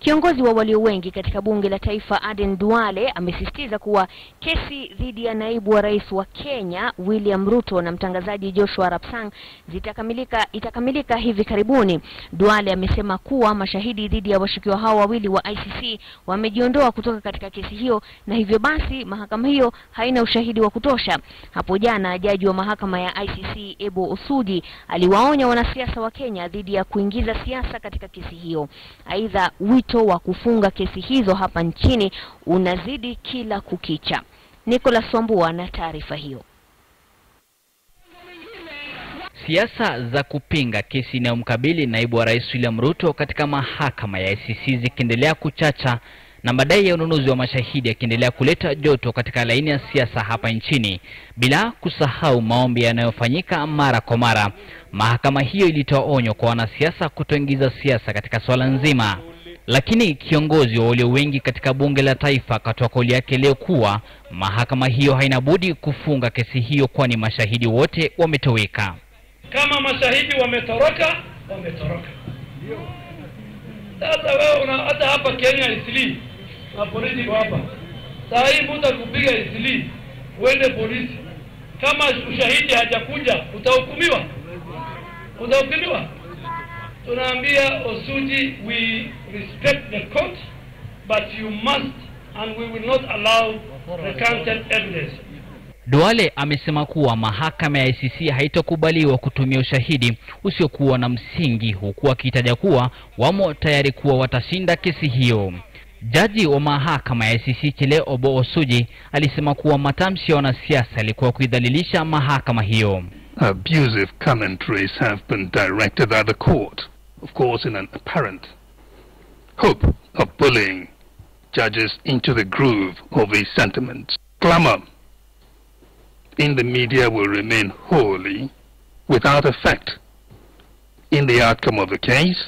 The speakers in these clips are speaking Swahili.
Kiongozi wa walio wengi katika bunge la taifa Aden Duale amesisitiza kuwa kesi dhidi ya naibu wa rais wa Kenya William Ruto na mtangazaji Joshua Rapsang zitakamilika itakamilika hivi karibuni. Duale amesema kuwa mashahidi dhidi ya washukiwa hao wawili wa ICC wamejiondoa kutoka katika kesi hiyo na hivyo basi mahakama hiyo haina ushahidi wa kutosha. Hapo jana jaji wa mahakama ya ICC Ebo Osuji aliwaonya wanasiasa wa Kenya dhidi ya kuingiza siasa katika kesi hiyo. Aidha wito wa kufunga kesi hizo hapa nchini unazidi kila kukicha. Nicholas Wambua na taarifa hiyo. Siasa za kupinga kesi inayomkabili naibu wa rais William Ruto katika mahakama ya ICC zikiendelea kuchacha na madai ya ununuzi wa mashahidi yakiendelea kuleta joto katika laini ya siasa hapa nchini, bila kusahau maombi yanayofanyika mara kwa mara. Mahakama hiyo ilitoa onyo kwa wanasiasa kutoingiza siasa katika swala nzima lakini kiongozi wa walio wengi katika bunge la taifa akatoa kauli yake leo kuwa mahakama hiyo haina budi kufunga kesi hiyo, kwani mashahidi wote wametoweka. Kama mashahidi wametoroka, wametoroka. Sasa wewe una hata hapa Kenya isili na polisi iko hapa saa hii muta kupiga isili uende polisi, kama ushahidi hajakuja utahukumiwa, utahukumiwa tunaambia Osuji, we respect the court but you must and we will not allow recanted evidence. Duale amesema kuwa mahakama ya ICC haitakubaliwa kutumia ushahidi usiokuwa na msingi, huku akitaja kuwa wamo tayari kuwa watashinda kesi hiyo. Jaji wa mahakama ya ICC Chile Obo Osuji alisema kuwa matamshi ya wanasiasa yalikuwa kuidhalilisha mahakama hiyo. Abusive commentaries have been directed at the court of course, in an apparent hope of bullying judges into the groove of his sentiments. Clamor in the media will remain wholly without effect in the outcome of the case.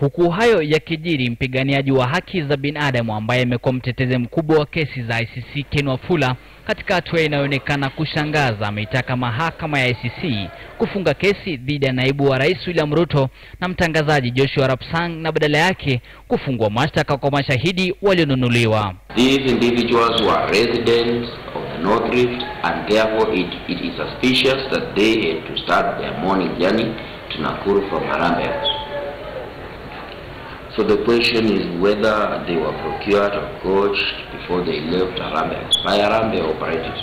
Huku hayo yakijiri, mpiganiaji wa haki za binadamu ambaye amekuwa mtetezi mkubwa wa kesi za ICC Ken Wafula katika hatua inayoonekana kushangaza ameitaka mahakama ya ICC kufunga kesi dhidi ya naibu wa rais William Ruto na mtangazaji Joshua Rapsang na badala yake kufungua mashtaka kwa mashahidi walionunuliwa. These individuals were residents of the North Rift and therefore it, it is suspicious that they had to start their morning journey to Nakuru from Harambee. So the question is whether they were procured or coached before they left Arambe by Arambe operators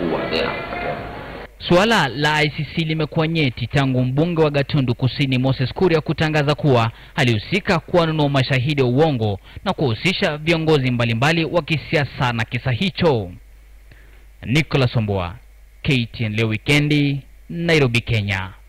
who were there at okay. Suala la ICC limekuwa nyeti tangu mbunge wa Gatundu Kusini Moses Kuria kutangaza kuwa alihusika kuwanunua mashahidi ya uongo na kuhusisha viongozi mbalimbali wa kisiasa na kisa hicho. Nicholas Omboa, KTN leo wikendi, Nairobi, Kenya.